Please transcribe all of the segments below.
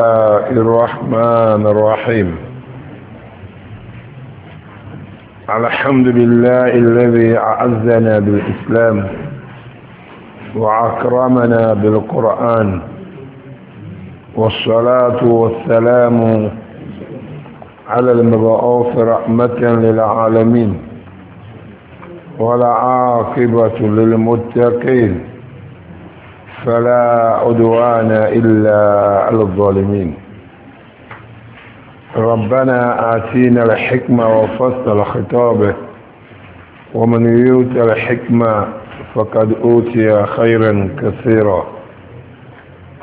الرحمن الرحيم الحمد لله الذي أعزنا بالإسلام وأكرمنا بالقرآن والصلاة والسلام على المبعوث رحمة للعالمين ولا عاقبة للمتقين فلا عدوان إلا على الظالمين ربنا آتينا الحكمة وفصل خطابه ومن يوت الحكمة فقد أوتي خيرا كثيرا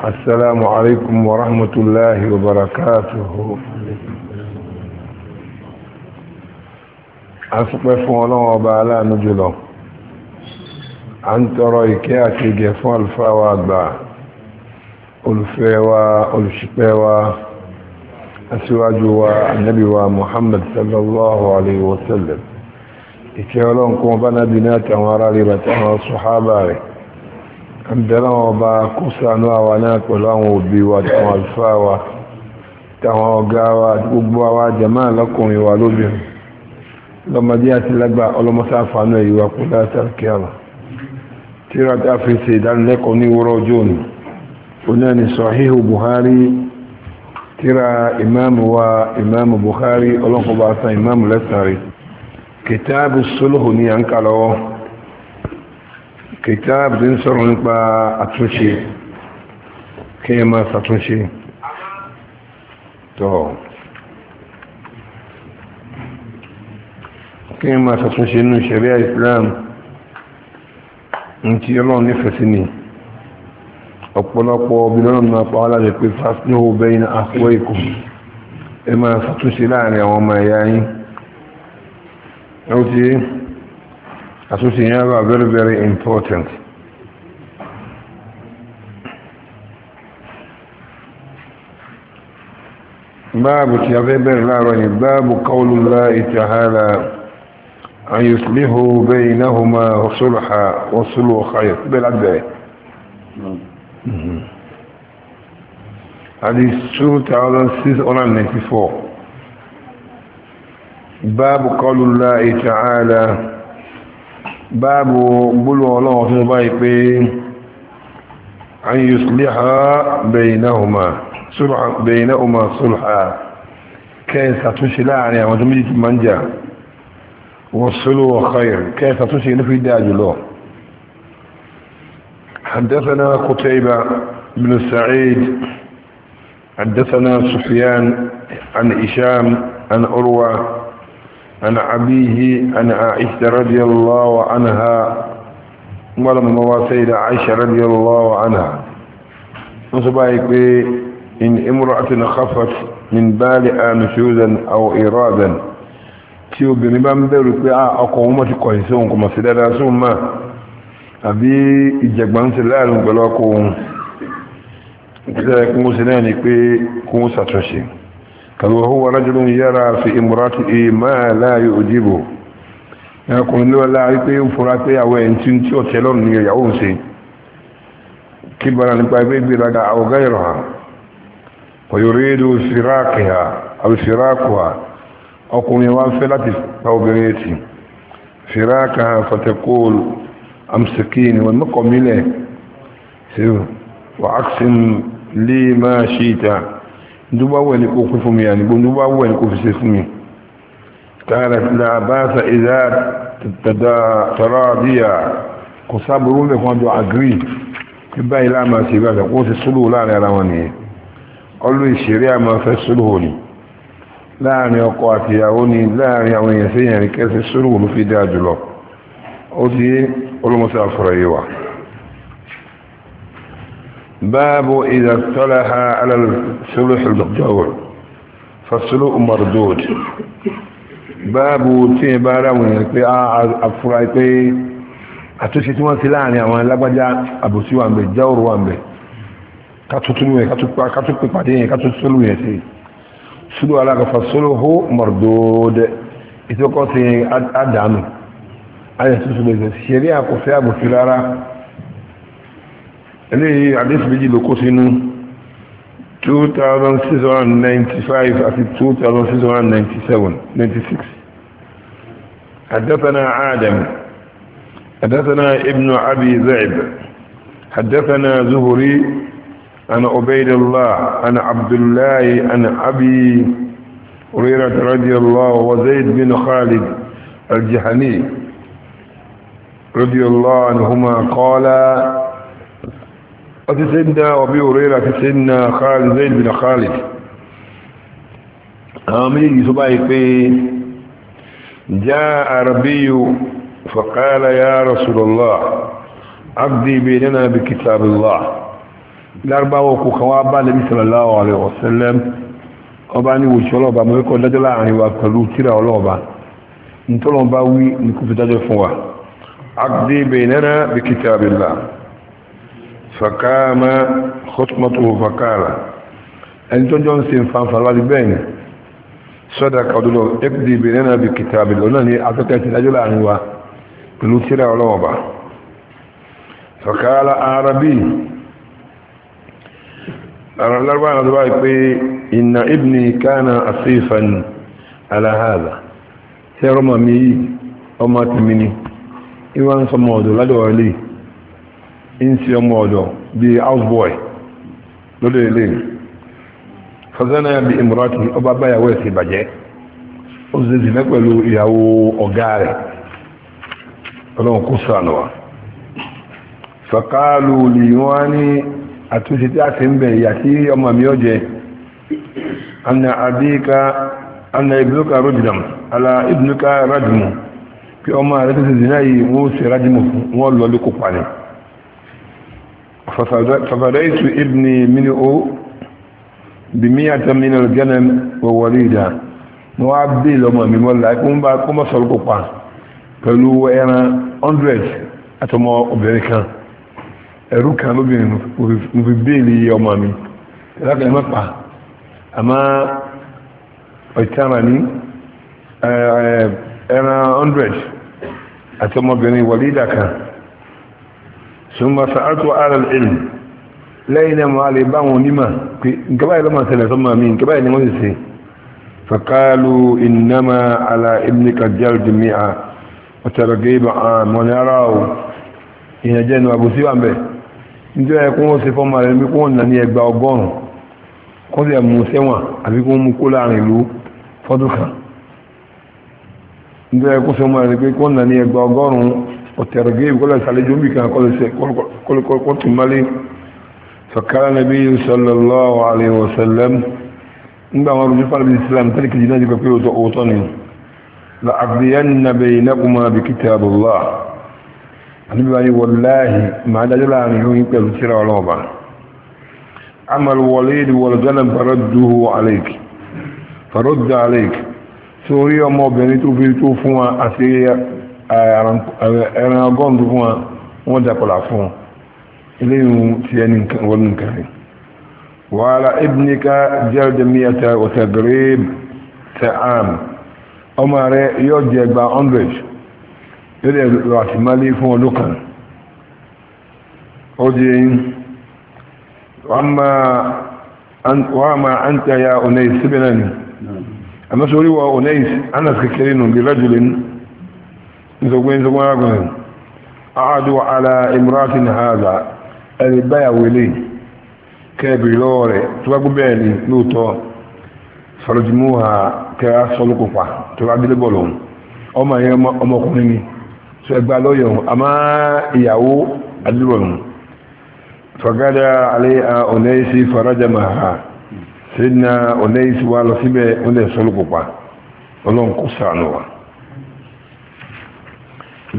السلام عليكم ورحمة الله وبركاته أصبح فعلا وبعلا نجلو a ń tọrọ ìkẹ́ àti ìgẹ̀ fún àlùfáà wa àgbà olùfẹ́ wa olùṣìpẹ̀ wa aṣíwájú wa annabi wa muhammad sallallahu alaihi wasallam ìkẹ́ ọlọ́run kún ọba nábi ní àtàwọn ará rí bàtà àwọn sọ̀hábà rẹ̀ ń bẹ̀rẹ̀ wọn ọba kó sànú àwa náà pẹ̀lú àwọn òbí wa àtàwọn àlùfáà wa ọ̀gá wa gbogbo àwa jàmáà lọ́kùnrin wa lóbìnrin lọ́mọdé àti lágbà ọlọ́mọsáfà náà yíwa kú látàrí kẹ́ọ̀lá tíra tí a fi ṣe ìdánilẹ́kọ̀ọ́ ní wúrọ̀ ọjọ́ ni oní ẹni sọ̀híhù buhari tíra imáàmù wa imáàmù buhari ọlọ́kọ̀ọ́bá san imáàmù lẹ́sàrí kìtàbù sólùhù ní à ń kà lọ́wọ́ kìtàbù tí ń sọ̀rọ̀ nípa àtúnṣe kí ẹ tọ́ kí ẹ máa ṣàtúnṣe islam nti ọlọ́run nífẹ̀ẹ́ sí ni ọ̀pọ̀lọpọ̀ obìnrin náà pa ọ́lá rẹ̀ pé fásitìhó bẹ́yìn àpò ìkù ẹ máa ṣàtúnṣe láàrin àwọn ọmọ ẹ̀yà ya ó ti àtúnṣe yẹn wà very very important báàbù tí a fẹ́ bẹ̀rẹ̀ láàárọ̀ ni أن يصلحوا بينهما صلحا وصلوا خير بالعبد حديث 2694 باب قول الله تعالى باب بلو الله في أن يصلح بينهما صلحا بينهما صلحا كيف تشلعني وتمجد منجا وصلوا خير كيف تسين في الله حدثنا قتيبة بن سعيد حدثنا سفيان عن إشام عن أروى عن أبيه عن عائشة رضي الله عنها ولم وسيد عائشة رضي الله عنها نصبعك إن امرأة خفت من بالئة نشوزا أو إرادا tí obìnrin bá ń bẹ̀rù pé ah, ọkọ òun ti kọ̀yìn sí òun kò mọ̀ sí dáadáa sóun mọ̀ àbí ń láàrin pẹ̀lú ọkọ òun ìpínlẹ̀ kún sí náà ni pé kún ṣàtúnṣe kàlù ọ̀hún wa rájúlù ń yára fi ìmúratì ìmọ̀ láàyè òjìbò ẹkùnrin ló wọlá wípé ń fura pé àwọn ẹ̀yìn tí ń tí ọ̀tẹ́ ìyàwó ha ọkùnrin wá ń fẹ́ láti pa obìnrin etí fìrákà fatakóòlù amsakin wọn mọ́kọ̀ mílẹ̀ wà áksìn lè máa ṣe ìta dúbáwẹ̀ ní kò kún fún mi àníbò dúbáwẹ̀ ní kò fi ṣe fún mi tààrà làbáta ìdá tàrà díyà kò sáàbùrú mẹ́kún àjọ agri tí báyìí láàmà sí ìbáṣà kó sì súlù láàrin ara wọn nìyẹn ọlú ìṣẹ̀rí àmà fẹ́ súlù hò ní láàrin ọkọ àti ìyàwó ni láàrin àwọn èèyàn sí ìyàrin kẹsì sórùwò ló fi dá jùlọ ó ti olómọ́sá fọ́rọ̀ yìí wà báàbù ìdàtọ́lá ha alàlùsọ́lọ́sọ́lọ́jọ́wọ̀ fasolo mardod báàbù tí ẹ bá ráwọn èèyàn pé àfúra pé àtúnṣe tí wọ́n ti láàrin àwọn alágbájá àbòsí wà ń sulu alaka fasuluhu mardud ito ko ti adanu aya susu be sheria ko fe abu filara ele hadis biji lo ko sinu 2695 àti 2697 96 حدثنا آدم حدثنا ابن أبي ذئب حدثنا زهري أنا عبيد الله أنا عبد الله أنا أبي هريرة رضي الله وزيد بن خالد الجهني رضي الله عنهما قال أتسدنا أبي هريرة تسدنا خالد زيد بن خالد آمين سبايقي جاء ربي فقال يا رسول الله عبدي بيننا بكتاب الله lárúbáwọ̀ kò kàn wá bá Nabi sallallahu alaihi wasallam ọba ní wòṣẹ́ ọlọ́ọ̀bá mo kọ́ dájọ́ láàrin wa pẹ̀lú tíra ọlọ́ọ̀bá nítọ́lọ́ọ̀bá wí ní kò fi dájọ́ fún wa aqdi baynana bi kitabillah fàkàmà khutmatuhu fàkàlà ẹni tó jọ ń ṣe nfanfà láti náà ni afẹ́kẹ́ ti láàrin wa pẹ̀lú tíra ọlọ́ọ̀bá fàkàlà arabi ara larba na zuba pe inna ibni kana asifan ala hada sai roma mi o ma ti mini iwan so modo la do le in si o modo bi house boy lo le le fazana bi imrati o baba ya wesi baje o ze zina pẹ̀lú ìyàwó ọ̀gá rẹ̀ Ọlọ́run kó ṣàánú wa àtúnṣe tí a ti ń bẹ̀ ìyà tí ọmọ mi ó jẹ anna àbíká anna ibùdókà ala ibùdókà rájìmù kí ọmọ rẹ̀ tó dìná yìí wọ́n sì rájìmù fún wọ́n lọ lé kópa ìtù mini o bí mí àti ìdá wọ́n á bí ẹ̀rú kan lóbìnrin mo fi béèlì ọmọ mi lákàlẹ̀ má pa àmá ọ̀tàrà ní ẹran 100 àti ọmọbìnrin wàlídà kan ṣùgbọ́n sàátù ara ìlú lẹ́yìn náà máa lè onímọ̀ pé nǹkan báyìí lọ́mọ mi wọ́n sì ala ibn kajal jami'a ọ̀tàrà ndị ẹkún ó ṣe fọ́mà rẹ̀ ní kún ọ̀nà ní ẹgbà ya kó sì ẹ̀mú sẹ́wọ̀n àbí kún mú kó ndị ìlú fọ́dún kan níjọ́ ẹkún sọmọ rẹ̀ pé kún ọ̀nà ní ẹgbà ọgọ́rùn kan kọ́lẹ̀ tún mọ́lé sọ̀kárá nàbí sallallahu alaihi wasallam nígbà islam la bi àníbíwáyé wọláhì máa dájọ́ láàrin yóò yín pẹ̀lú tíra ọlọ́ọ̀bá amal wọléèdè wọlọ́gánà faradduhu alaik faraddu alaik sórí ọmọbìnrin tó fi tó fún wa àti ẹran ọgọ́rùn tó fún wa wọ́n dàpọ̀lá fún wọn ilé ìhun ti ẹni wọlé lórí ẹ̀rọ àti málé fún ọdún kan ó wọ́n ma an tẹ́yà onais síbẹ̀nà ni a mọ́ sórí wọ onais anas kékeré nù bí rájúlé a ala haza lóòtọ́ sọ̀rọ̀jìmú ha kẹ́ sọ́lùkùpa tó bá ọmọ ọmọkùnrin ni ṣẹgbà lọ́yọ̀ ama ìyàwó àdúgbòrùn fagada alẹ́ ọ̀nẹ́sí farajama ha sí na ọ̀nẹ́sí wa lọ síbẹ̀ ọ̀nẹ́ sọ́lùpùpá ọlọ́nkú sànù wa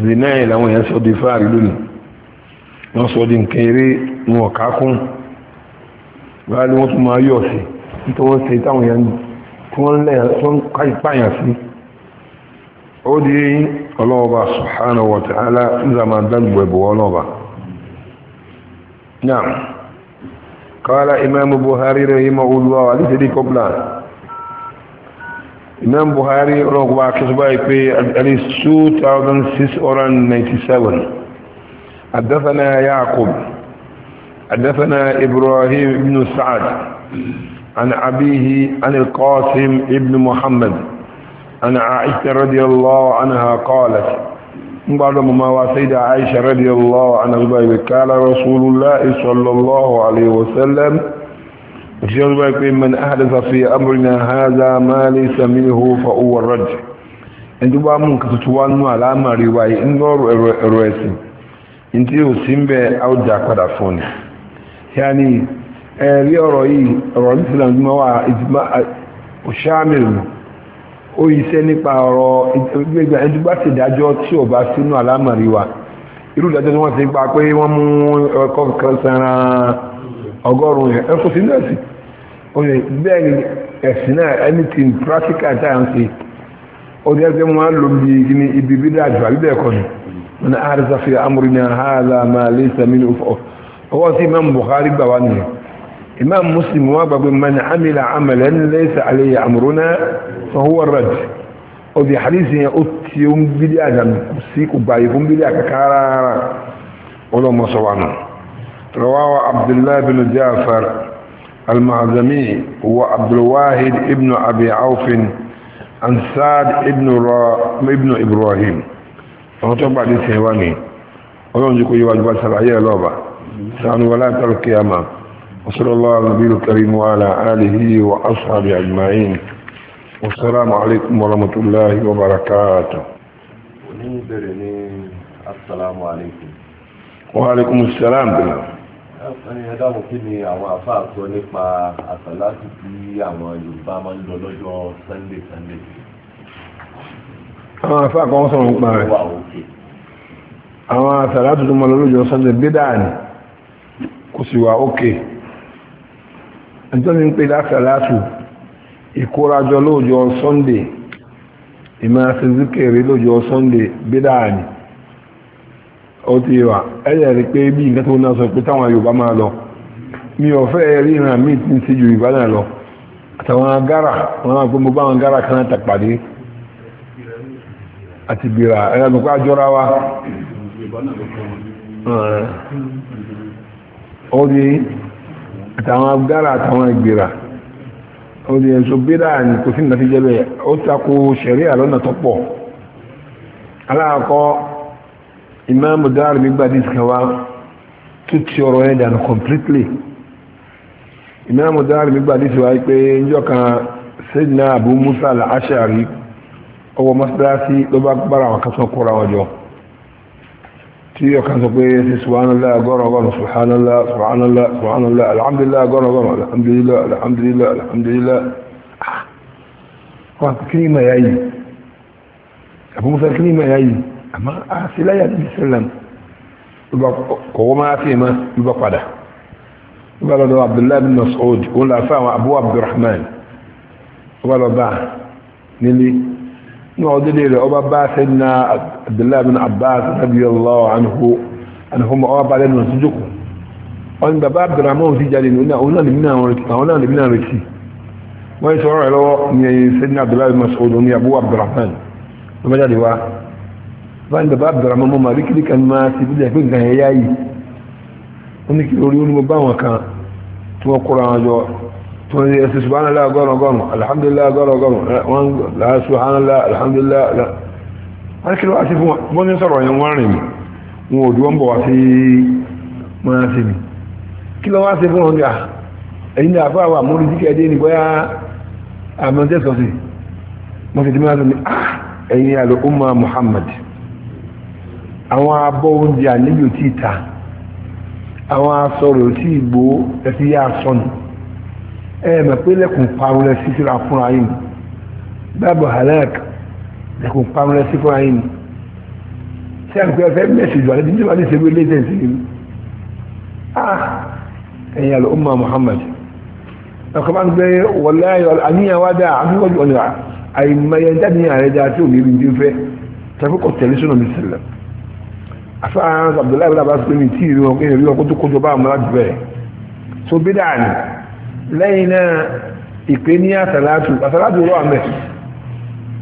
zina yìí làwọn èèyàn sọ di fáàrí lónìí wọ́n sọ di nǹkan eré wọn ọ̀ká kún báyìí wọ́n tún máa yọ̀ sí nítorí wọ́n ṣe táwọn èèyàn tí wọ́n lẹ́yìn tó ń káyìpáyà sí ó di ọlọ́ọba subhanahu wa ta'ala ń zama dágbò ẹ̀bù ọlọ́ọba náà قال إمام بخاري رحمه الله عليه ذلك قبل إمام بخاري رغبا كسباي في الأليس 2697 حدثنا يعقوب حدثنا إبراهيم بن سعد عن أبيه عن القاسم ابن محمد عن عائشة رضي الله عنها قالت بعد ما وسيد عائشة رضي الله عنها قال رسول الله صلى الله عليه وسلم من أحدث في أمرنا هذا ما ليس منه فهو الرد إن تبا من كتتوان على ما رواي إن دور الرئيسي إن تيو سيمبي أو جاكودا فوني يعني أري أرأي أرأي سلام جمعوا إجماع شامل o yíṣẹ́ nípa ọ̀rọ̀ gbẹgbẹ ẹni tó bá ti dájọ́ tí ò bá sínú àlámọ̀rí irú ìdájọ́ tí wọ́n ti pa pé wọ́n mú ẹ̀kọ́ kan sanra ọgọ́rùn-ún yẹn ẹ̀kọ́ sínú ẹ̀sìn òye bẹ́ẹ̀ ni ẹ̀sìn náà anything practical á lò bí ibi bí dájú àbí bẹ́ẹ̀ ni wọn á rí sáfì hàlà máa lé ọwọ́ sí امام مسلم وابق من عمل عملا ليس عليه أمرنا فهو الرد وفي حديث اتيهم بلي ادم سيكوا بايكم بلي اكارارا ولهم صوانا رواه عبد الله بن جعفر المعزمي هو عبد الواحد ابن ابي عوف عن سعد ابن را... ابن ابراهيم فنطق بعد سيواني ولهم يقول يواجب السبعية لوبا سعد ولا تلقي امامه وصلى الله على النبي الكريم وعلى آله وأصحابه أجمعين والسلام عليكم ورحمة الله وبركاته السلام عليكم وعليكم السلام بالله ẹni ẹ̀dá mo kí ni àwọn àfáà sọ nípa àsàlátù tí àwọn Yorùbá máa ń lọ lọ́jọ́ Sunday Sunday. àwọn àfáà kan sọ̀rọ̀ nípa rẹ̀ àwọn àsàlátù tó máa lọ lọ́jọ́ Sunday gbé dáa ni kò sì wà ókè. Okay nítorí ń pè lásàlátù ìkórajọ lóòjọ́ sunday ìmáṣe zikiri lóòjọ́ sunday bídáà ni ó ti wà ẹ̀yẹ̀ rí pé bí nǹkan tó náà sọ pé táwọn yorùbá máa lọ mi ò fẹ́ rí ìran míì tí ń ti yorùbá náà lọ àtàwọn agárà wọn àgbẹ̀ mo bá àwọn agárà kan tàpàdé àti bìrà ẹ̀yà lùkọ́ àjọra wa ó di àtàwọn agbára àtàwọn ìgbèrà ó di ẹ̀sọ́ bídà ní kò sí nà fi jẹ́bẹ̀ ó takò ṣẹ̀ríà lọ́nà tó pọ̀ aláàkọ́ ìmáàmù dáàrù mi gbà díṣkà wá tó ti ọ̀rọ̀ ẹ̀ dànù completely ìmáàmù dáàrù mi gbà díṣkà wá pé njọ́ kan Abu Musa al-Ash'ari ọwọ́ mọ́sálásí ló bá gbára àwọn akásọ́kọ́ra wọn jọ إيه؟ إيه، سبحان الله غور غور سبحان الله سبحان الله سبحان الله الحمد لله غور غور الحمد لله الحمد لله الحمد لله وانت كريم يا اي ابو موسى كريم يا اي اما اصل يا نبي صلى الله عليه وسلم في ما يبقى قده عبد الله بن مسعود ولا فاهم ابو عبد الرحمن ولا بعد نلي نودي له أبا باس إن عبد الله بن عباس رضي الله عنه أنهم أبا بعدين نسجكم أن بابا عبد الرحمن في جالين هنا هنا لمنا هنا لمنا رسي ما يسوع له سيدنا عبد الله بن مسعود وني أبو عبد الرحمن وما جالي واه فأن بابا عبد الرحمن ما ذيك لك أن ما سيد الله بن هياي وني كيلوريون مبان وكان تو قرآن جو wọ́n yẹ ṣe subhanallah gọ́rọ̀gọ́rọ̀ alhamdulillah gọ́rọ̀gọ́rọ̀ wọ́n láà subhanallah alhamdulillah wọ́n kí ló wá sí fún wọ́n ní sọ̀rọ̀ yẹn wọ́n rìn mí wọn ò dúwọ́n bọ̀ wá sí máa sí mi kí ló wá sí fún ọjà ti ẹ̀mẹ̀ pé lẹ́kùn parun lẹ́sí síra fúnra yìí bábọ̀ halak lẹ́kùn parun lẹ́sí fúnra yìí ṣe àǹkú ẹ̀fẹ́ mẹ́sì jù àlejò nígbà tí ṣe wí létẹ̀ sí i ah ẹ̀yìn àlọ́ umma muhammad ẹ̀kọ́ máa ń gbé wọlé ayọ̀ àníyàn wá dáa àbíwọ́jú ọ̀nà àìmọye ń jáde ní ààrẹ dáa tí òmìnirin ti ń fẹ́ tàbí kò tẹ̀lé sọ́nà mi sílẹ̀ afáàrán abdullahi bin abbas pé mi tí ì rí wọn kó tó kójọ bá àmọ́ láti bẹ̀rẹ̀ so bí dáa lẹ́yìn náà ìpè ní àsàlátù àsàlátù rọ àmẹ́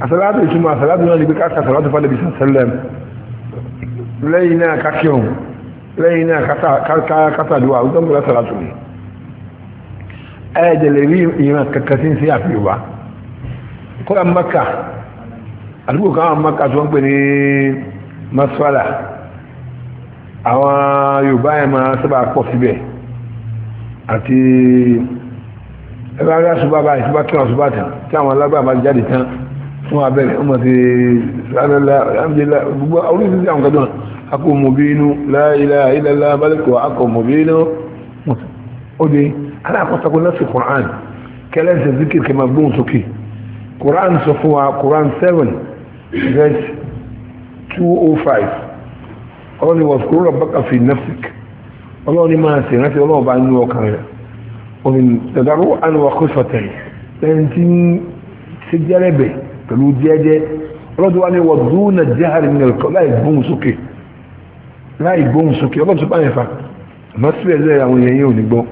àsàlátù ìtumọ̀ àsàlátù náà ní pé káàkiri àsàlátù fàlẹ́bí sàṣẹ́lẹ̀m lẹ́yìn náà kákíọ̀n lẹ́yìn náà kátàdúwà ó tọ́mù àsàlátù ni ẹ̀ẹ́dẹ̀ lè rí ìran kankan tí ń sí àfihàn wa kọ́ra maka àdúgbò káwọn maka tí wọ́n pè ní àti ẹgbẹ́ ará ṣùgbọ́n bá ìṣúbá kí wọ́n ṣùgbọ́n tán tí àwọn alágbàmà jáde tán fún abẹ́rẹ́ ọmọ ti alhamdulillah gbogbo oríṣiríṣi àwọn kẹjọ akọ mòbínú la ilaha illallah balikọ akọ mòbínú òde alákọ̀ọ́sọ́kọ́ náà sí Qur'an kẹlẹ́sẹ̀ zikir kẹ máa gbóhùn sókè Qur'an sọ fún wa verse 205 ọlọ́ni wọ́n kúrò rọ̀ bákà fi nafsik ọlọ́ni máa sì rántí ọlọ́ọ̀bá nínú ọkàn rẹ̀ ومن تضرعا وخشوة فانتين سجلبة فلو جاجة رضوا أن يوضون الجهر من القول لا يكبون سكي لا يكبون سكي الله سبحانه يفعل ما سبع زي أو يهيون يكبون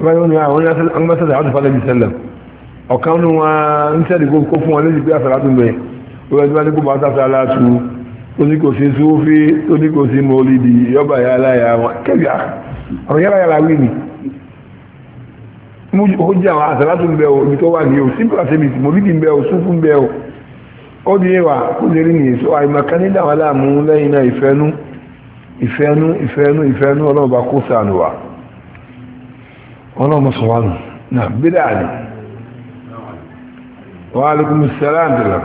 ما يقول يا أولي أسأل أن مثل عدف عليه وسلم وكانوا أنسان يقول كفوا الذي بيأثر عدم به ويجب أن يقول بعض أسألاته oníkò sí súfí oníkò sí mọ́lìdì yọ́bà yálà yà wọn kẹ́bíà ọ̀rọ̀ yálà yálà wí ni ó jẹ́ àwọn àsàlátù ń bẹ o ibi tó wà ní o simple as ebi mòlídì ń bẹ o súnfù ń bẹ o ó di ẹwà kó lè rí nìyí so àìmọ̀kan nílẹ̀ àwọn aláàmú lẹ́yìn náà ìfẹ́nú ìfẹ́nú ìfẹ́nú ìfẹ́nú ọlọ́run bá kó sànù wa ọlọ́run sọ wà nù náà bídà wa alaikum salaam dìlà.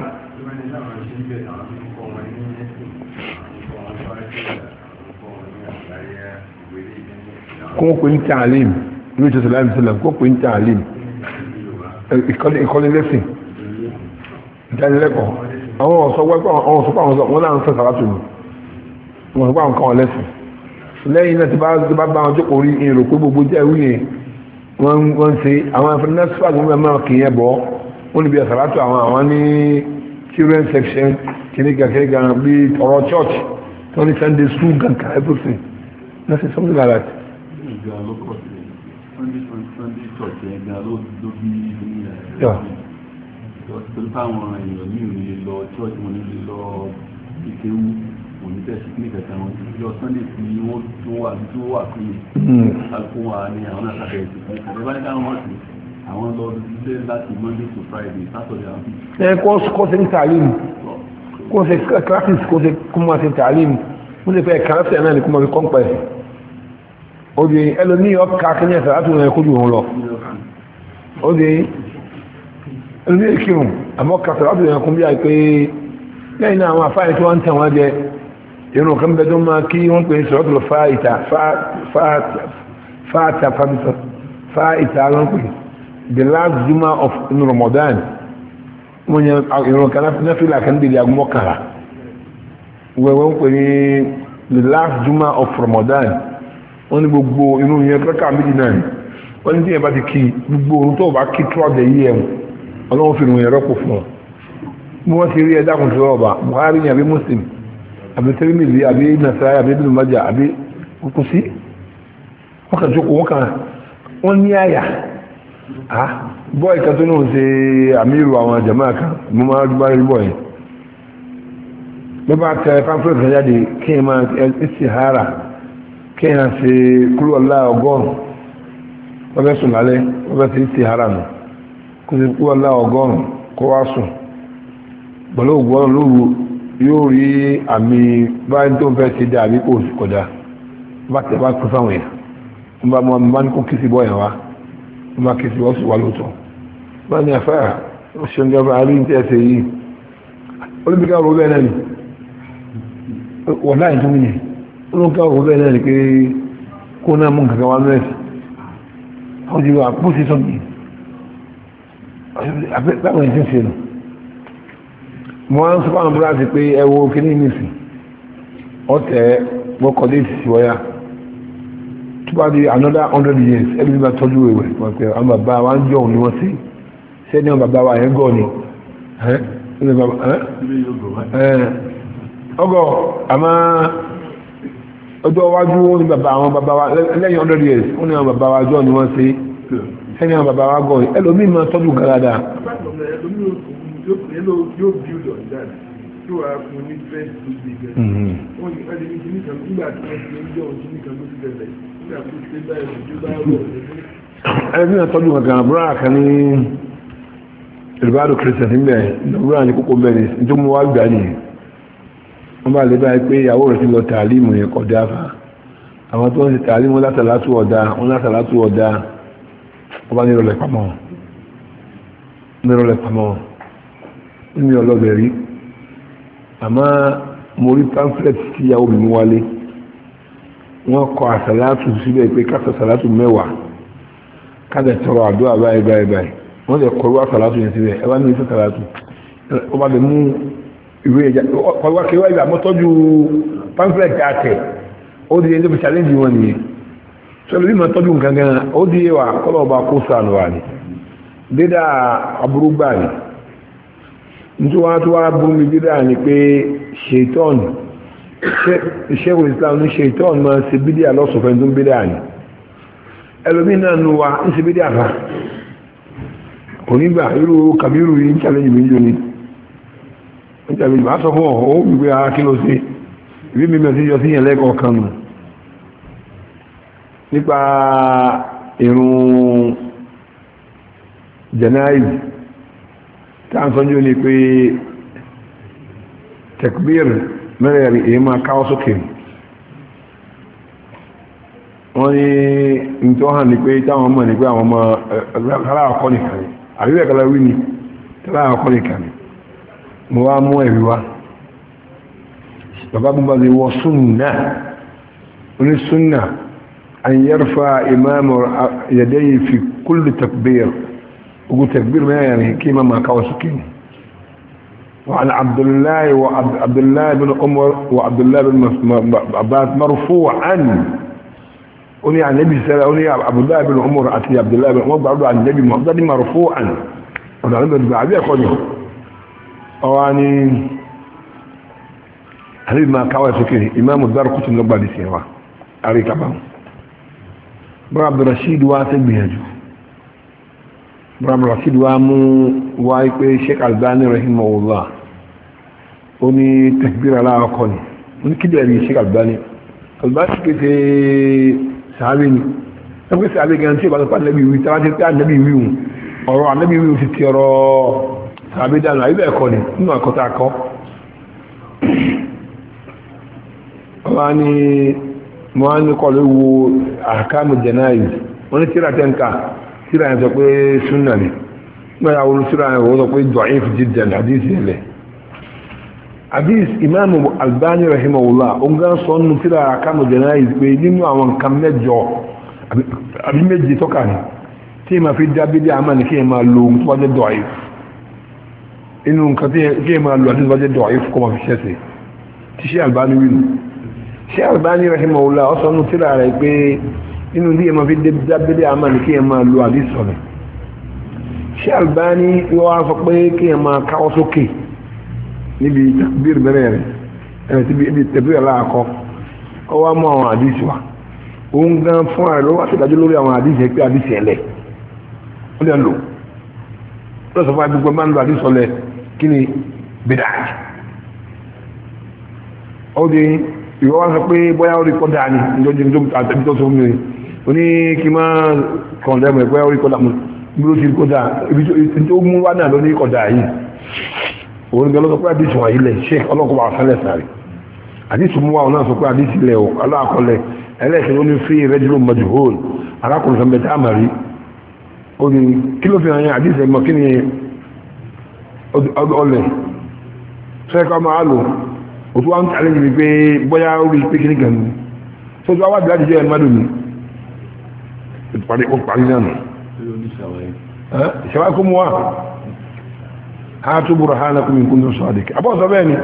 kó ń pè ní ìjọsọ láàrín sílẹ̀ kó pín tàn àlè ìkọ́lé lẹ́sìn ìdánilẹ́kọ̀ọ́ àwọn ọ̀sọ́ wẹ́pọ̀ àwọn ọ̀sọ́ pàwọn ọ̀sọ́ wọn náà ń sọ sàrátù ni wọn sọ pàwọn kan wọn lẹ́sìn lẹ́yìn náà ti bá ti bá bá wọn jókòó rí èrò pé gbogbo jẹ́ ìwé yẹn wọ́n ń ṣe àwọn afẹ́rẹ́ náà sọ́wọ́ àgbọ̀n máa kì í yẹn bọ́ wọ́n níbi àsàrátù àwọn àwọn ní children section kìnnìkan kìnnìkan bíi ọ̀rọ̀ church tó ní sunday school gankan everything nothing something like that sunday sunday church yẹn gan ló ló bí ní ẹ̀rọ eh, torí táwọn èèyàn mi ò lè lọ church wọn lè lọ ìkéwú onítẹ̀sí ní kẹta wọn ìjọ sunday tí wọ́n tó wà tó wà fún mi hmm. kálukú wa ni àwọn àtàkẹ́ ìsìnkú ìjọba ní monday to friday saturday and sunday. ẹ eh, kọ́ kọ́ sí ní tàlímù kọ́ sí classes kọ́ sí kó máa ṣe tàlímù wọ́n lè obìnrin ẹlòmí ọkà kíní ẹ̀sà láti wọn ẹkójú òun lọ obìnrin ẹlòmí ìkírùn àmọ́ kàtà láti wọn ẹkún bí i pé lẹ́yìn náà àwọn afáàyè tí wọ́n ń tàn wọ́n jẹ irun kan bẹ́ẹ̀ tó máa kí wọ́n pè é sọ́tò fáìtà fáàtà fáìtà lọ́n pè the last juma of Ramadan wọ́n yẹ irun kan náà fi làkàn dèrè agbọ́kàrà wọ́n pè ní the last juma of Ramadan wọ́n ní gbogbo inú yẹn kẹ́kà méjì náà ni wọ́n ní tí yẹn bá ti kí gbogbo ohun tó bá kí throughout the year ọlọ́run fi ìròyìn rọ́pò fún ọ bí wọ́n ti rí ẹja kùn tó ọba Buhari ni àbí Muslim àbí Tirmidhi àbí Nasai àbí Ibn Majah àbí kò sí wọ́n kàn jókòó wọ́n kàn wọ́n ní àyà ah bọ́ọ̀ ìkan tó náà ṣe àmírù àwọn jàmáà kan mo máa dúbá rí bọ́ọ̀ yẹn ló bá tẹ pamphlet kan jáde kí n máa ṣe hàrà kíyàn ṣe kúrò aláàgọ́rùn wọ́n fẹ́ sùn lálẹ́ wọ́n fẹ́ sí ti hara nù kó ṣe kúrò aláàgọ́rùn kó wá sùn pẹ̀lú ògbọ́n lóru yóò rí àmì báyìí tó fẹ́ dá àbí kò sí kọjá bá bá kú fáwọn èèyàn bá mọ bá ní kó kí sí bọ́ yẹn wá bá kí sí wọ́n sì wá lóòótọ́ ní afẹ́ ṣe ń olóńkà òun bẹ́ẹ̀ náà pé kó náà mú nǹkan wà kó sí sọ́ọ̀gì báwọn ẹ̀sìn ṣe nù mo wá ń sọ fáwọn búrá pé ẹ wo kíní nìsí ọ̀tẹ̀ gbọ́kọ̀dé ìsìsì wọ́yà tó bá di another hundred years ẹbí bá tọ́jú ìwẹ̀ wọ́n àwọn bàbá wa ń jọ òun ni wọ́n sí sẹ́ni àwọn bàbá wa yẹn ni ọgọ̀ àmọ́ ọjọ́ iwájú wọn ni bàbá àwọn bàbá wa lẹ́yìn hundred years wọn ni àwọn bàbá wa jọ ni wọ́n ṣe ẹni àwọn bàbá wa gọ̀ ẹlòmíì máa tọ́jú gàràdà. ẹlòmíì máa tọ́jú gàràdà búrọ́ àkànní ìrìbáàdù kìrìsìtẹ̀ níbẹ̀ búrọ́ àní kókó bẹ́ẹ̀ ni nítorí mo wá gbà nìyẹn wọ́n bá lè báyìí pé ìyàwó rẹ̀ ti lọ tààlímù yẹn kọjá fa àwọn tó ń ṣe tààlímù látàlátù ọ̀dá wọn látàlátù ọ̀dá wọ́n bá nírọ̀lẹ̀ pamọ́ nírọ̀lẹ̀ pamọ́ nínú ọlọ́bẹ̀ rí àmọ́ mo rí pamphlet tí ìyàwó mi wálé wọ́n kọ àsàlátù síbẹ̀ pé káṣọ àsàlátù mẹ́wàá káṣọ tọrọ àdúrà báyìí báyìí báyìí wọ́n lè kọ́ ìwé ìjà ọ̀pọ̀lọpọ̀ a wọ́n ibà mọ́tọ́jú pamphlet àtẹ̀ ó di ẹni tó fi challenge wọn ni sọlọ bí mọ́tọ́jú nǹkan gan ó di ẹwà kọ́lọ̀ ọba kó sànù wà ní dídá aburú gbà ní nítorí wọn tó wá mi dídá ni pé ṣètọ́n Islam ní ṣètọ́n máa ṣe bídíà lọ́sọ̀fẹ́ tó ń náà nu wa ń ṣe bídíà fa irú ìtàbí ìbá sọ fún ọ̀họ́ wípé ara kí ló sí ìbí mímọ̀ sí yọ sí yẹn lẹ́kọ̀ọ́ kan nù nípa ìrun jẹnáìzì tàǹsánjú ni pé tekbir mẹ́rẹ̀ẹ̀rẹ̀ èyí máa káwọ́ sókè wọ́n ní ìtọ́ hàn ní pé táwọn mọ̀ ní pé àwọn ọmọ ẹgbẹ́ eh, aláàkọ́ eh, nìkan ni àbíbẹ̀kọ́lá wí ni aláàkọ́ nìkan ni mo wá mú ẹ̀rí wá bàbá bàbá lè wọ súnnà oní súnnà an yarfa imamu yadayhi fi kulli takbir ogun takbir ma وعن عبد الله وعبد الله بن عمر وعبد الله بن عباس مرفوعا أني عن النبي صلى الله عليه عبد الله بن عمر أتي عبد الله بن عمر بعد عن النبي محمد مرفوعا أنا عبد الله بن عمر ọwá ní àríd máa káwà sókè imáàmù dárúkútù lọ́gbà dì sí ẹwà àríkàbá bọ́rọ̀ abdulrasheed wá tẹ́ gbìyànjú bọ́rọ̀ abdulrasheed wá mú wá pé sheikh albani rahimahullah ó ní takbir aláwọ̀kọ́ ni ó ní kílẹ̀ rí sheikh albani albani kéte sàábì ni ẹgbẹ́ sàábì gan tí ìbátan pa nẹ́bí wí tí wọ́n ti tàbí dànù àyíbẹ̀ ẹ̀kọ́ ni nínú àkọta akọ́ wọ́n ni wọ́n ní kọlu wo àkàmù jẹ̀náyì wọ́n ní tíra tẹ́ǹkà tíra yẹn sọ pé súnà ni ya yà wọ́n tíra yẹn sọ pé dọ̀ín fìdí jẹ̀nà àdíìsì ẹ̀lẹ̀ àdíìsì ìmáàmù Albani rahimahullah ó ń gán sọ nínú tíra àkàmù pé nínú àwọn nǹkan mẹ́jọ àbí tọ́ka ni tí ma fi àmà ní kí máa lo ohun tó inú nǹkan tí ẹ máa lò àti ìbájẹ́ dọ̀ ayéfúkọ́ ma fi ṣẹ́sẹ̀ tí ṣe Albani wínú ṣe Albani rahimahullah ọ̀sọ̀ nù tíra rẹ̀ pé inú tí ẹ máa fi dábẹ́lẹ́ àmà ní kí ẹ máa lò àti sọ̀rọ̀ ṣe Albani wọ́n wá sọ pé kí ẹ máa káwọ́ sókè níbi takbir bẹ̀rẹ̀ rẹ̀ ẹ̀rẹ̀ tí ibi tẹ̀bí ẹ̀lá akọ ọ wá mú àwọn àdìsí wa òun gan fún ààrẹ ló wá sí ìdájọ́ lórí àwọn àdìsí pé àdìsí ẹ̀lẹ̀ ó lè lò ó lọ sọ fún àdìsí ọlẹ́ Kini ni bìdà ó di ìwọ wá sọ pé bóyá ó kọ́ dáa ni ìjọjì tó àtẹ́bí tó sọ fún mi ó ní kí n máa kàn dẹ́mọ̀ bóyá ó rí kọ́ dáa mú bí ó ti rí kọ́ dáa ibi tó mú wá náà ló ní kọ́ dáa yìí òun gẹ́lọ́ sọ pé àdìsí wà ilẹ̀ sheik ọlọ́kọ̀ọ́ àfẹ́lẹ̀ sáré àdìsí mú wa náà sọ pé àdìsí ilẹ̀ aláàkọlẹ̀ ẹlẹ́ẹ̀kẹ́ ló ní fi rẹ́jùlọ majhul arákùnrin sọ ni ọlẹ̀ sẹ́kọ̀ máa lò òtú wá ń tààrí ní pé bóyá orí pé kí ní gẹ̀ẹ́nu tó tó wáwádìí láti jẹ́ ẹni mádùn ní ìparí ó parí náà nù ìṣẹ́wá kó mú wá a tó búrọ̀ ha náà kúmi kúndú sọ àdìkì abọ́ sọ bẹ́ẹ̀ ni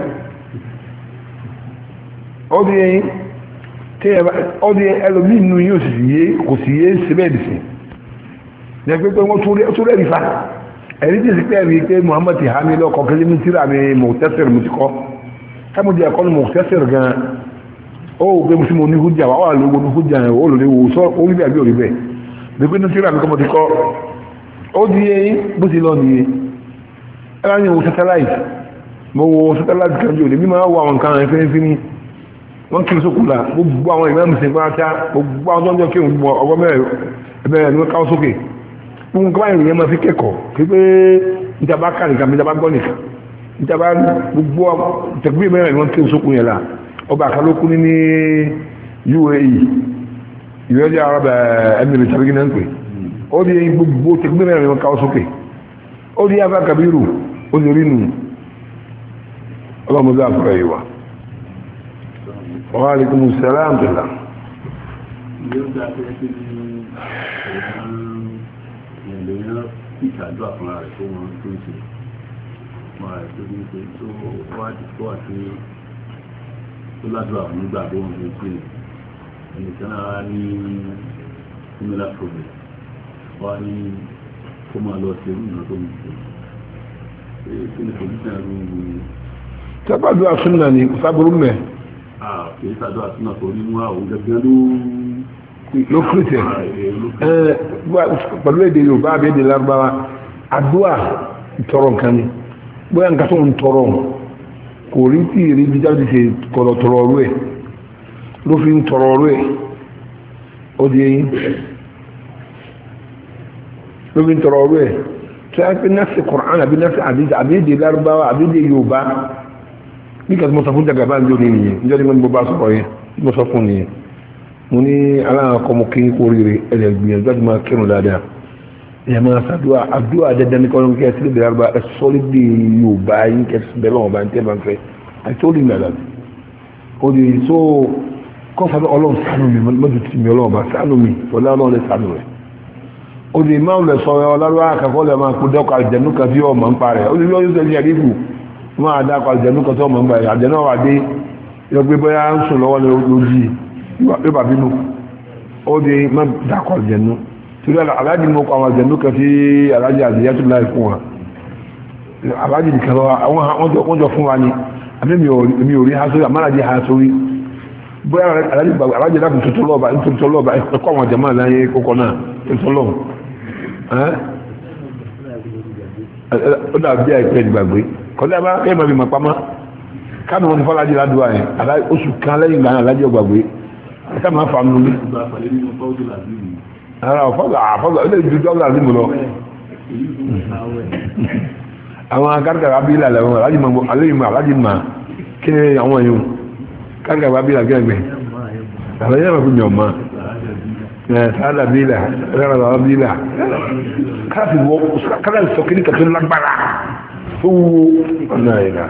ọdí ẹlòmíì nù yóò sì yé kò sì yé síbẹ̀ dì sí ní ẹgbẹ́ pé tó rẹ̀ rí fa ẹni tí ìsìnkú ẹ̀rí pé muhammad hami lọ́kọ̀ kí ní tíra mi mọ̀tẹ́sẹ̀rì mo ti kọ́ ẹmu jẹ́ ẹ̀kọ́ ní mọ̀tẹ́sẹ̀rì gan ó gbé mu sí mo ní hújà wà ló wo ní hújà yẹn ó lò ní wo sọ orí bẹ́ẹ̀ bí orí bẹ́ẹ̀ bí pé ní tíra mi kọ́ mo ti kọ́ ó di yẹn bó ti lọ nìyẹn ẹ ní wo satellite mo wo satellite kan jòlè mi máa wo àwọn nǹkan rẹ̀ fẹ́ẹ́fẹ́ wọ́n kí n sókù la gbogbo àwọn ìgbà fún kí báyìí yẹn ma fi kẹ́kọ̀ọ́ kí pé níjàmbá kà nìkan níjàmbá gbọ́ nìkan gbogbo tẹ̀gbí mẹ́rin ni wọ́n ké sókun yẹn la ọba àkàlókù ní ní UAE United Arab eh, Emirates tàbí gíná ń pè ó di gbogbo tẹ̀gbí mẹ́rin ni wọ́n káwọ́ sókè ó di abá kabiru ó di orinu ọlọ́mọdé àbúrò yìí wa wàhálà ìkùnmù sẹ́lá lèyàn ìṣàdó ní pé tó wá ti tó àti àwọn gẹ́gẹ́ ló ló kìrìtẹ̀ pẹ̀lú èdè yorùbá àbí èdè lárúbáwá àdúà tọrọ nǹkan ni bóyá nǹkan tó ń tọrọ kò rí tí ìrí bí jáde ṣe kọlọ tọrọ rú ẹ ló fi ń tọrọ rú ẹ ó di eyín ló fi ń tọrọ rú ẹ tó a pé nọ́ọ̀sì kọ̀ọ̀án àbí nọ́ọ̀sì àdìsí àbí èdè lárúbáwá àbí èdè yorùbá bí kàtí sọ fún jàgàbá ń lò nìyẹn níjọ́ ni mo bá sọ̀rọ̀ yẹn mo sọ fún nìyẹn mo ní aláàkọ́ mo kí kó rere ẹ̀rẹ̀ gbìyànjú àti máa kírun dáadáa ẹ̀yà máa ṣàdúrà àdúrà dandan ní kọ́lọ́n kí ẹ sílẹ̀ bẹ̀rẹ̀ àgbà ẹ sọ́lé dé yorùbá yín kẹ́ bẹ̀rẹ̀ lọ́wọ́ bá ń tẹ́ bá ń fẹ́ àti ó lè nà ó lè so kọ́fà bá ọlọ́run ṣàánú mi mọ́jú tì mí ọlọ́run bá ṣàánú mi ọlá náà lè ṣàánú rẹ̀ ó lè máa lè yóò bá bínú ó di má dàkọ̀ àjẹ̀nú torí aláàjì mọ́kọ̀ àwọn àjẹ̀nú kan tí aláàjì àjẹ̀yà tó láì fún wa aláàjì nìkan lọ wọ́n jọ fún wa ni àbẹ́mi ò rí hasori àmàlàjì hasori bóyá aláàjì láti tuntun lọ́ọ̀bà tuntun lọ́ọ̀bà ma kpama kanu ni osu kan ẹ máa fa nù. ara fọlá fọlá ilé ìdúró tó ọ̀la àdìmú lọ. àwọn akárìkàrà bí ilà lẹ́wọ̀n alájì máa alájì máa alájì máa kí ni àwọn yìí kárìkàrà bí ilà kí ẹgbẹ́ àwọn yẹn máa fi yàn máa sáádà bí ilà rárá bí ilà káàsì wọ káàsì sọ kiri kàtó lágbára tó wú ọ̀nà ìlà.